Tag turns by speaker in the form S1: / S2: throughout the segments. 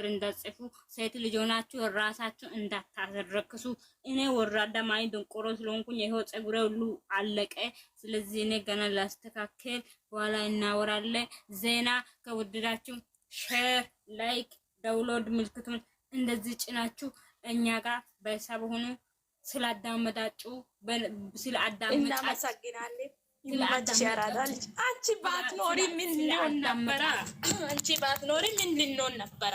S1: ስር እንዳትጽፉ፣ ሴት ልጅ ሆናችሁ ራሳችሁ እንዳታረክሱ። እኔ ወራዳ ማይ ድንቆሮ ስለሆንኩኝ ይሄው ጸጉሬ ሁሉ አለቀ። ስለዚህ እኔ ገና ላስተካከል፣ በኋላ እናወራለን። ዜና ከወደዳችሁ ሼር፣ ላይክ፣ ዳውንሎድ ምልክቱን እንደዚህ ጭናችሁ እኛ ጋር በሂሳብ ሆኑ። ስላዳመጣችሁ
S2: ስላዳመጣችሁ አንቺ ባትኖሪ ምን ልንሆን ነበር? አንቺ ባትኖሪ ምን ልንሆን ነበር?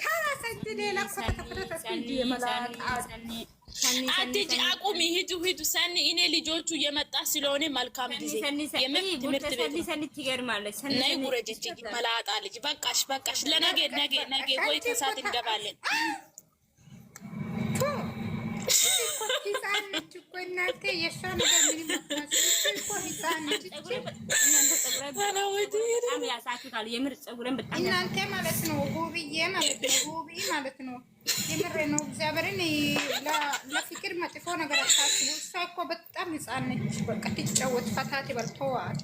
S2: አትሂጂ፣
S1: አቁሚ፣ ሂዱ፣ ሂዱ። ሰኒ እኔ ልጆቹ እየመጣ ስለሆነ መልካም ጊዜ። ትምህርት
S3: ቤት
S1: ነይ ጉረጅ፣ መላጣ ልጅ። በቃሽ፣ በቃሽ። ለነገ ነገ ነገ ወይ ከሰዓት እንገባለን። በጣም
S3: ያሳችሁታል። የምር ፀጉሬን በጣም
S2: እናንተ ማለት ነው ጉብዬ ማለት ነው ጉብዬ ማለት ነው። የምር ነው። እግዚአብሔርን ለፍቅር መጥፎ ነገር አታስቡ። እሷ እኮ በጣም ህፃን ነች። በቃ ትጫወት ፈታት በልተዋል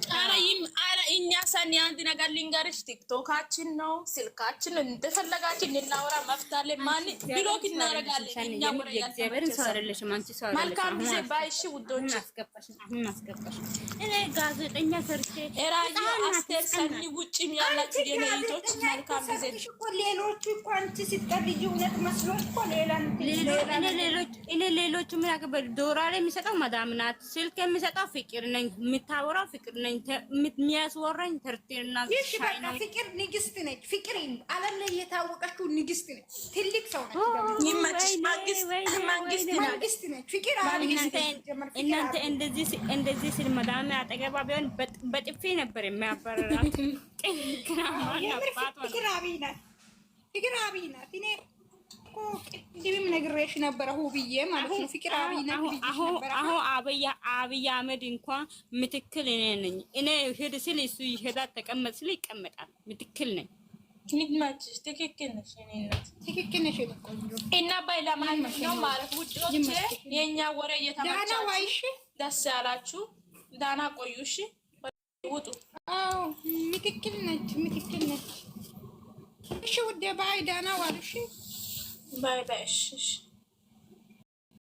S1: እኛ ሰኒ አንድ ነገር ልንገርሽ፣ ቲክቶካችን ነው ስልካችን ነው፣ እንደፈለጋችን ልናወራ መፍታለን። ማን ብሎክ እናደርጋለን። መልካም ጊዜ ባይሽ ውዶች፣
S2: እኔ ጋዜጠኛ ሰርቼ
S1: አስቴር ሰኒ ውጭ ያላችሁ የሌሊቶች መልካም ጊዜ።
S2: ሌሎቹ እኮ አንቺ ስትቀርዩ እውነት መስሎ እኮ
S3: እኔ ሌሎቹ ምን ያገባል? ዶላር የሚሰጠው መዳም ናት፣ ስልክ የሚሰጠው ፍቅር ነኝ፣ የምታወራው ፍቅር ነኝ የሚያስ ያስወራኝ ትርቴ እና
S2: ፍቅር ንግስት ነች። ፍቅር ዓለም ላይ የታወቀችው ንግስት ነች። ትልቅ ሰው
S1: ነች ነች
S2: ፍቅር።
S3: እናንተ እንደዚህ ስል መዳም አጠገባ ቢሆን በጥፌ ነበር የሚያባረራት።
S2: ፍቅር አብይ ናት። ፍቅር አብይ ናት። ነግሬሽ ነበረ ሁብዬ ማለት ነው። ፍቅር አብይ ነግሬሽ ነበረ። አሁ አብይ አህመድ እንኳን ምትክል እኔ ነኝ። እኔ ሄድ ስል እሱ ይሄዳል፣ ተቀመጥ ስል ይቀመጣል። ምትክል ነኝ። ትክክል ትክክል እና ባይ ማለት የእኛ ወሬ እየተመቻችሁ ደስ ያላችሁ ዳና ቆዩሽ፣ ውጡ። አዎ ምትክል ነች፣ ምትክል ነች። እሺ ውዴ ባይ ዳና ዋልሽ። Bye bye.